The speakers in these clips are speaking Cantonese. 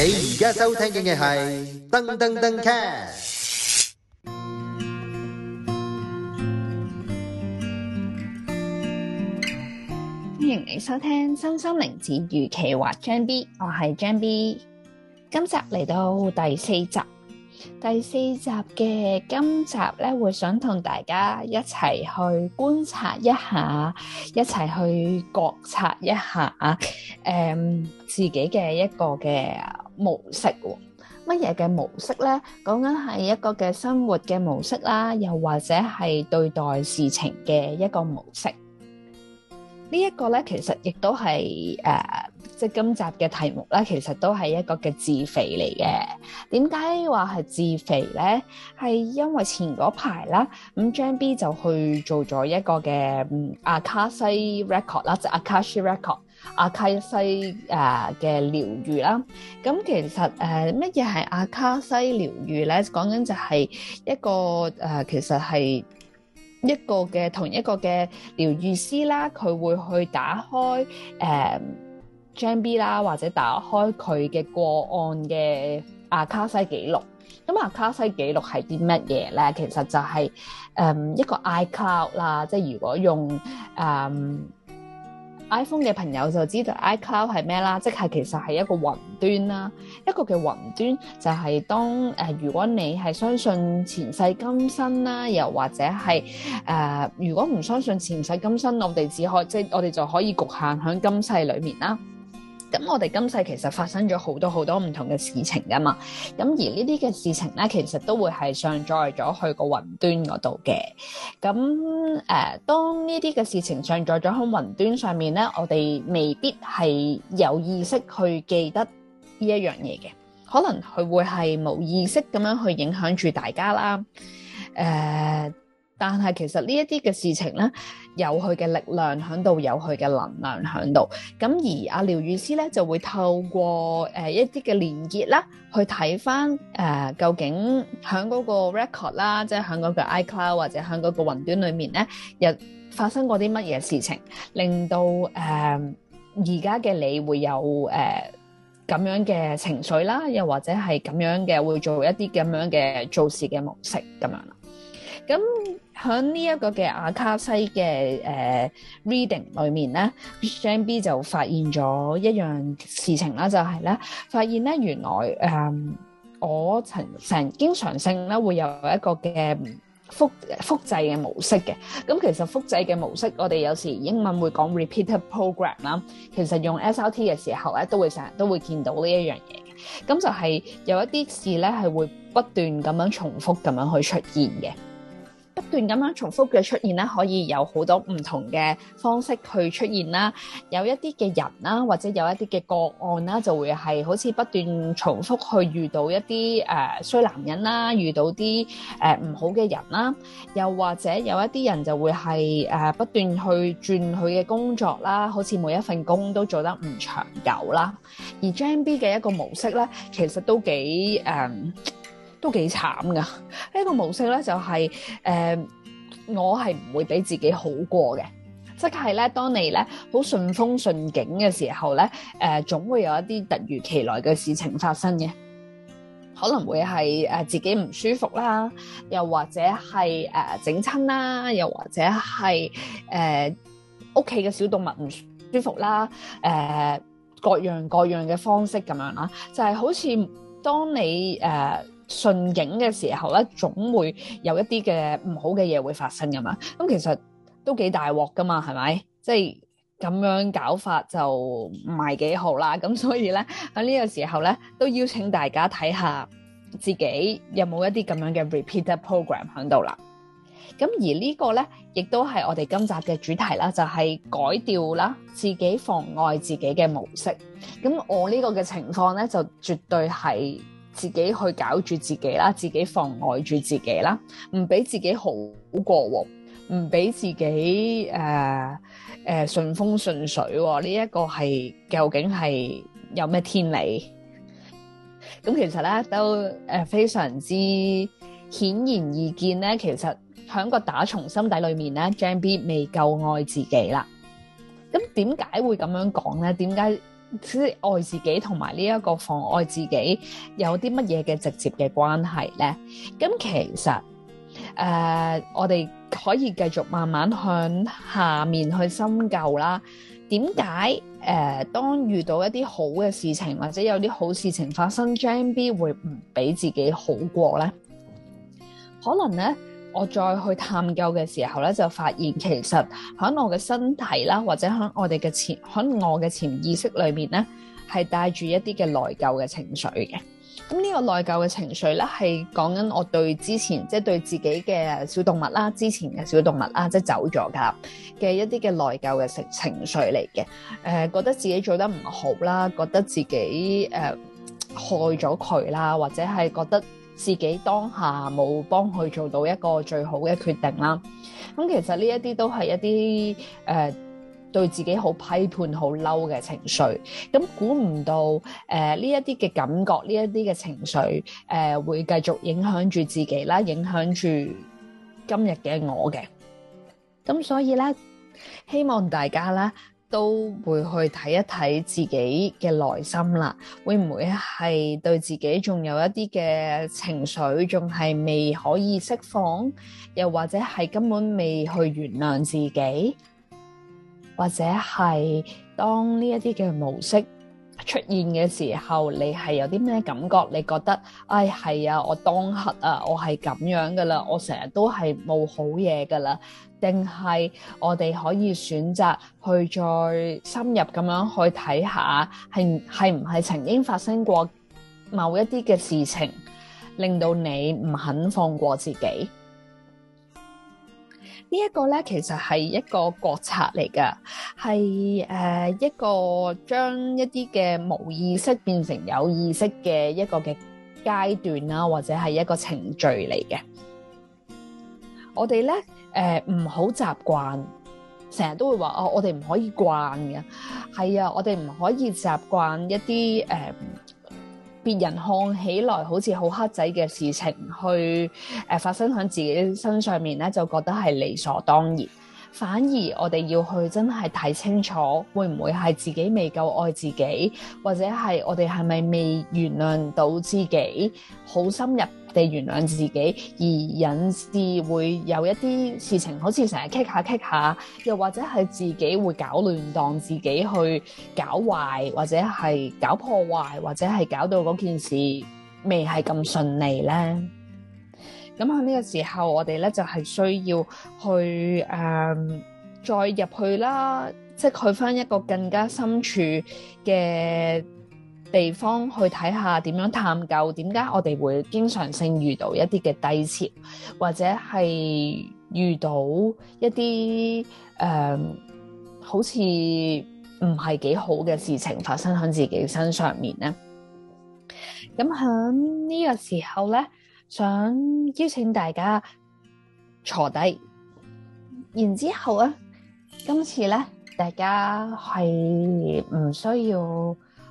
你而家收聽嘅係《噔噔噔 Cat》。歡迎你收聽《心心靈子如其畫》張 B，我係張 B。今集嚟到第四集。第四集嘅今集咧，會想同大家一齊去觀察一下，一齊去覺察一下，誒，自己嘅一個嘅模式喎，乜嘢嘅模式咧？講緊係一個嘅生活嘅模式啦，又或者係對待事情嘅一個模式。這個、呢一個咧，其實亦都係誒，即係今集嘅題目咧，其實都係一個嘅自肥嚟嘅。點解話係自肥咧？係因為前嗰排啦，咁張 B 就去做咗一個嘅阿、啊、卡西 record，啦，即阿卡西 record。阿卡西啊嘅療愈啦，咁其實誒乜嘢係阿卡西療愈咧？講緊就係、是、一個誒、呃，其實係一個嘅同一個嘅療愈師啦，佢會去打開誒、呃、g e m i 啦，或者打開佢嘅個案嘅阿卡西記錄。咁阿卡西記錄係啲乜嘢咧？其實就係、是、誒、呃、一個 iCloud 啦，即係如果用誒。呃 iPhone 嘅朋友就知道 iCloud 係咩啦，即係其實係一個雲端啦，一個嘅雲端就係當、呃、如果你係相信前世今生啦，又或者係誒、呃，如果唔相信前世今生，我哋只可即係我哋就可以局限喺今世裡面啦。咁我哋今世其實發生咗好多好多唔同嘅事情㗎嘛，咁而呢啲嘅事情咧，其實都會係上載咗去個雲端嗰度嘅。咁誒、呃，當呢啲嘅事情上載咗喺雲端上面咧，我哋未必係有意識去記得呢一樣嘢嘅，可能佢會係冇意識咁樣去影響住大家啦，誒、呃。但係其實呢一啲嘅事情咧，有佢嘅力量喺度，有佢嘅能量喺度。咁而阿療癒師咧就會透過誒、呃、一啲嘅連結啦，去睇翻誒究竟喺嗰個 record 啦，即係喺嗰個 iCloud 或者喺嗰個雲端裡面咧，又發生過啲乜嘢事情，令到誒而家嘅你會有誒咁、呃、樣嘅情緒啦，又或者係咁樣嘅會做一啲咁樣嘅做事嘅模式咁樣啦。咁喺呢一個嘅阿卡西嘅誒 reading 裏面咧，B N B 就發現咗一樣事情啦，就係咧發現咧原來誒我成成經常性咧會有一個嘅複複製嘅模式嘅。咁其實複製嘅模式，我哋有時英文會講 repeated program 啦。其實用 S R T 嘅時候咧，都會成日都會見到呢一樣嘢嘅。咁就係有一啲事咧係會不斷咁樣重複咁樣去出現嘅。不斷咁樣重複嘅出現咧，可以有好多唔同嘅方式去出現啦。有一啲嘅人啦，或者有一啲嘅個案啦，就會係好似不斷重複去遇到一啲誒衰男人啦，遇到啲誒唔好嘅人啦。又或者有一啲人就會係誒、呃、不斷去轉佢嘅工作啦，好似每一份工都做得唔長久啦。而 Gemini 嘅一個模式咧，其實都幾誒。呃都幾慘㗎，呢個模式咧、就係，就係誒我係唔會俾自己好過嘅。即係咧，當你咧好順風順景嘅時候咧，誒、呃、總會有一啲突如其來嘅事情發生嘅，可能會係誒、呃、自己唔舒服啦，又或者係誒整親啦，又或者係誒屋企嘅小動物唔舒服啦，誒、呃、各樣各樣嘅方式咁樣啦，就係、係、好似當你誒。呃順境嘅時候咧，總會有一啲嘅唔好嘅嘢會發生噶嘛。咁其實都幾大鑊噶嘛，係咪？即係咁樣搞法就唔係幾好啦。咁所以咧喺呢個時候咧，都邀請大家睇下自己有冇一啲咁樣嘅 repeat program 喺度啦。咁而呢個咧，亦都係我哋今集嘅主題啦，就係改掉啦自己妨礙自己嘅模式。咁我呢個嘅情況咧，就絕對係。自己去搞住自己啦，自己妨礙住自己啦，唔俾自己好過喎，唔俾自己誒誒順風順水喎，呢一個係究竟係有咩天理？咁其實咧都誒非常之顯然易見咧，其實喺個打從心底裏面咧，Jam B 未夠愛自己啦。咁點解會咁樣講咧？點解？啲愛自己同埋呢一個妨礙自己有啲乜嘢嘅直接嘅關係咧？咁其實誒、呃，我哋可以繼續慢慢向下面去深究啦。點解誒，當遇到一啲好嘅事情或者有啲好事情發生 j e m B 會唔俾自己好過咧？可能咧。我再去探究嘅時候咧，就發現其實喺我嘅身體啦，或者喺我哋嘅潛，喺我嘅潛意識裏面咧，係帶住一啲嘅內疚嘅情緒嘅。咁呢個內疚嘅情緒咧，係講緊我對之前，即係對自己嘅小動物啦，之前嘅小動物啦，即係走咗噶，嘅一啲嘅內疚嘅情情緒嚟嘅。誒，覺得自己做得唔好啦，覺得自己誒害咗佢啦，或者係覺得。自己當下冇幫佢做到一個最好嘅決定啦，咁其實呢一啲都係一啲誒對自己好批判、好嬲嘅情緒，咁估唔到誒呢一啲嘅感覺、呢一啲嘅情緒誒、呃、會繼續影響住自己啦，影響住今日嘅我嘅，咁所以咧，希望大家咧，都會去睇一睇自己嘅內心啦，會唔會係對自己仲有一啲嘅情緒，仲係未可以釋放，又或者係根本未去原諒自己？或者係當呢一啲嘅模式出現嘅時候，你係有啲咩感覺？你覺得，唉，係啊，我當刻啊，我係咁樣㗎喇，我成日都係冇好嘢㗎喇。定係我哋可以選擇去再深入咁樣去睇下，係係唔係曾經發生過某一啲嘅事情，令到你唔肯放過自己？這個、呢一個咧，其實係一個覺察嚟㗎，係誒、呃、一個將一啲嘅無意識變成有意識嘅一個嘅階段啦，或者係一個程序嚟嘅。我哋咧，誒、呃、唔好習慣，成日都會話哦，我哋唔可以慣嘅。係啊，我哋唔可以習慣一啲誒，別、呃、人看起來好似好黑仔嘅事情去，去、呃、誒發生喺自己身上面咧，就覺得係理所當然。反而我哋要去真係睇清楚，會唔會係自己未夠愛自己，或者係我哋係咪未原諒到自己，好深入。地原諒自己，而引致會有一啲事情，好似成日棘下棘下，又或者係自己會搞亂，當自己去搞壞，或者係搞破壞，或者係搞到嗰件事未係咁順利咧。咁喺呢個時候，我哋咧就係、是、需要去、呃、再入去啦，即係去翻一個更加深處嘅。地方去睇下點樣探究，點解我哋會經常性遇到一啲嘅低潮，或者係遇到一啲誒、呃、好似唔係幾好嘅事情發生喺自己身上面咧。咁喺呢個時候咧，想邀請大家坐低，然之後咧，今次咧，大家係唔需要，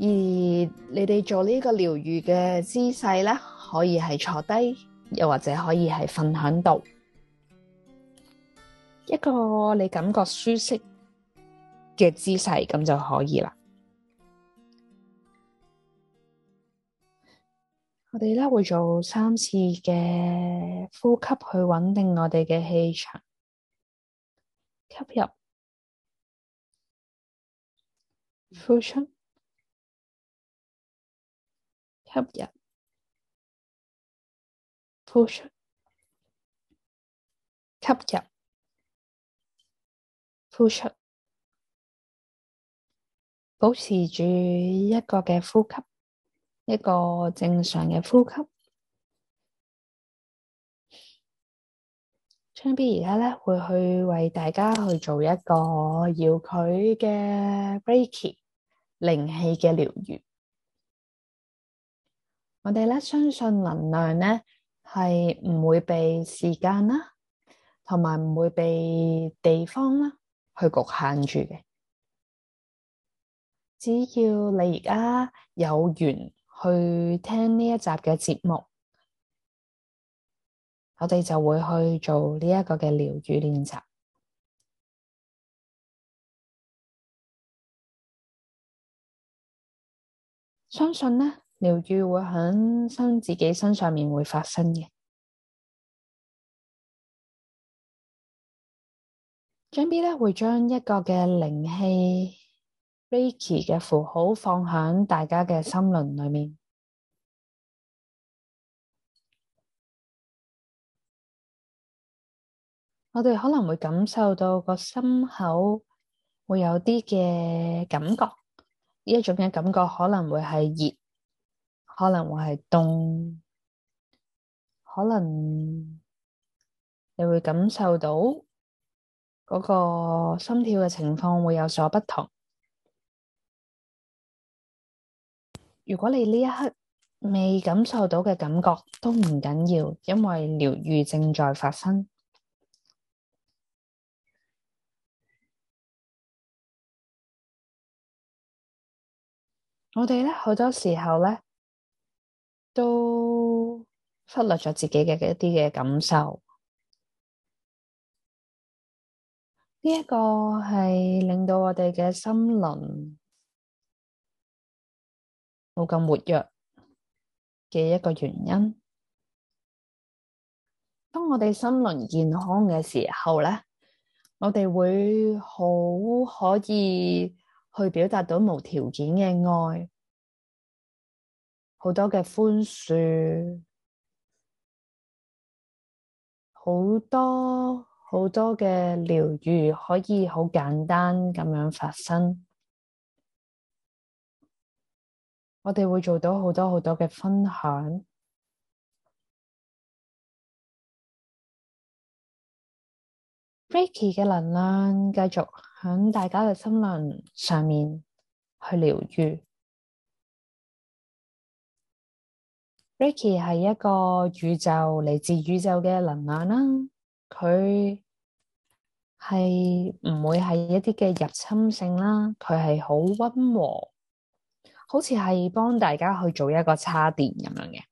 而你哋做呢個療癒嘅姿勢咧，可以係坐低，又或者可以係瞓響度，一個你感覺舒適嘅姿勢咁就可以啦。我哋咧會做三次嘅呼吸去穩定我哋嘅氣場，吸入，呼出。吸入，呼出，吸入，呼出，保持住一個嘅呼吸，一個正常嘅呼吸。昌 B 而家咧會去為大家去做一個遙距嘅 Reiki 靈氣嘅療愈。我哋咧相信能量咧係唔會被時間啦，同埋唔會被地方啦去局限住嘅。只要你而家有緣去聽呢一集嘅節目，我哋就會去做呢一個嘅療愈練習。相信咧。療癒會喺身自己身上面會發生嘅。張 B 咧會將一個嘅靈氣 Reiki 嘅符號放喺大家嘅心輪裏面，我哋可能會感受到個心口會有啲嘅感覺，呢一種嘅感覺可能會係熱。可能會係凍，可能你會感受到嗰個心跳嘅情況會有所不同。如果你呢一刻未感受到嘅感覺都唔緊要，因為療癒正在發生。我哋咧好多時候咧。都忽略咗自己嘅一啲嘅感受，呢一個係令到我哋嘅心輪冇咁活躍嘅一個原因。當我哋心輪健康嘅時候咧，我哋會好可以去表達到無條件嘅愛。好多嘅寬恕，好多好多嘅療愈，可以好簡單咁樣發生。我哋會做到好多好多嘅分享。Ricky 嘅能量繼續喺大家嘅心靈上面去療愈。Ricky 係一個宇宙，嚟自宇宙嘅能量啦，佢係唔會係一啲嘅入侵性啦，佢係好溫和，好似係幫大家去做一個插電咁樣嘅。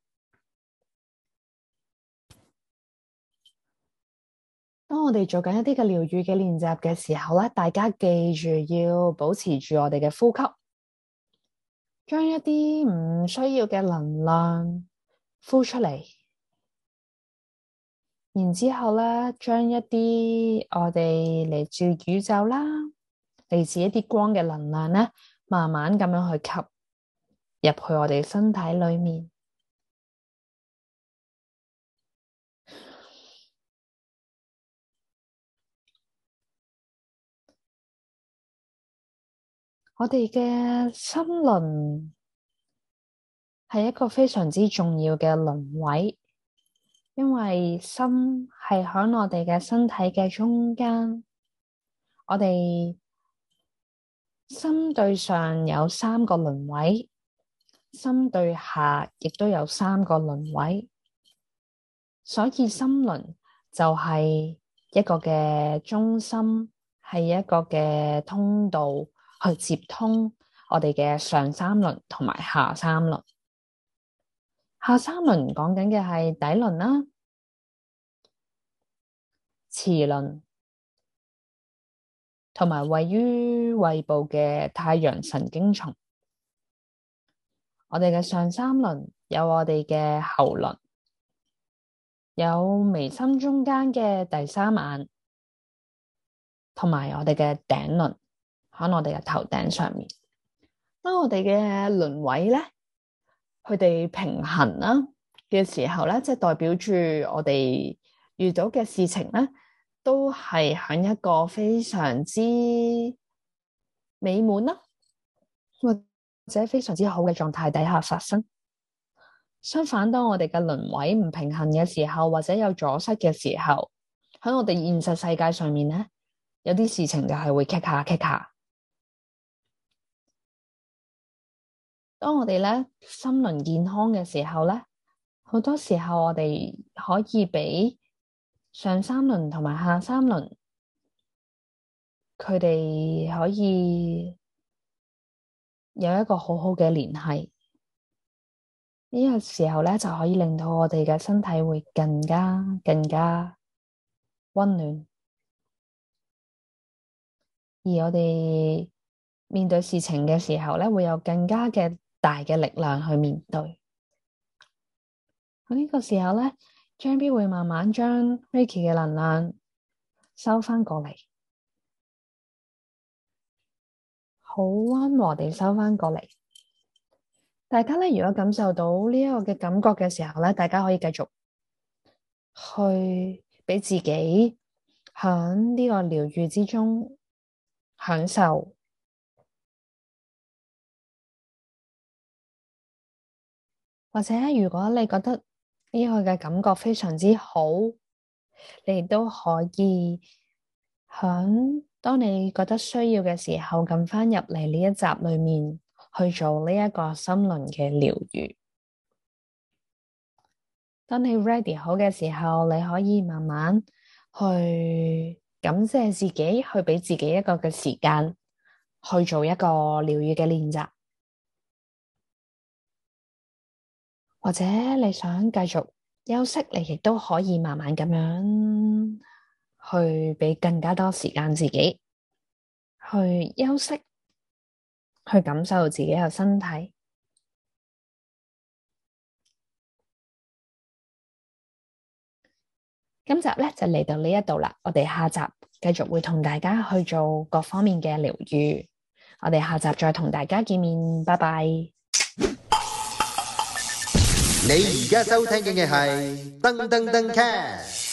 當我哋做緊一啲嘅療愈嘅練習嘅時候咧，大家記住要保持住我哋嘅呼吸，將一啲唔需要嘅能量。呼出嚟，然之後咧，將一啲我哋嚟自宇宙啦，嚟自一啲光嘅能量咧，慢慢咁樣去吸入去我哋身體裏面，我哋嘅心輪。係一個非常之重要嘅輪位，因為心係喺我哋嘅身體嘅中間。我哋心對上有三個輪位，心對下亦都有三個輪位，所以心輪就係一個嘅中心，係一個嘅通道，去接通我哋嘅上三輪同埋下三輪。下三輪講緊嘅係底輪啦、臍輪同埋位於胃部嘅太陽神經叢。我哋嘅上三輪有我哋嘅喉輪，有眉心中間嘅第三眼，同埋我哋嘅頂輪喺我哋嘅頭頂上面。當我哋嘅輪位咧。佢哋平衡啦嘅時候咧，即係代表住我哋遇到嘅事情咧，都係喺一個非常之美滿啦，或者非常之好嘅狀態底下發生。相反，當我哋嘅輪位唔平衡嘅時候，或者有阻塞嘅時候，喺我哋現實世界上面咧，有啲事情就係會卡卡卡卡。當我哋咧心輪健康嘅時候咧，好多時候我哋可以畀上三輪同埋下三輪，佢哋可以有一個好好嘅聯繫。呢個時候咧就可以令到我哋嘅身體會更加更加溫暖，而我哋面對事情嘅時候咧會有更加嘅。大嘅力量去面對，喺呢個時候咧，張 B 會慢慢將 Ricky 嘅能量收翻過嚟，好溫和地收翻過嚟。大家咧，如果感受到呢一個嘅感覺嘅時候咧，大家可以繼續去俾自己響呢個療癒之中享受。或者如果你覺得呢個嘅感覺非常之好，你都可以響當你覺得需要嘅時候，撳翻入嚟呢一集裏面去做呢一個心靈嘅療愈。當你 ready 好嘅時候，你可以慢慢去感謝自己，去畀自己一個嘅時間去做一個療愈嘅練習。或者你想繼續休息，你亦都可以慢慢咁樣去畀更加多時間自己去休息，去感受自己嘅身體。今集咧就嚟到呢一度啦，我哋下集繼續會同大家去做各方面嘅療愈，我哋下集再同大家見面，拜拜。你而家收聽嘅係《噔噔噔 cat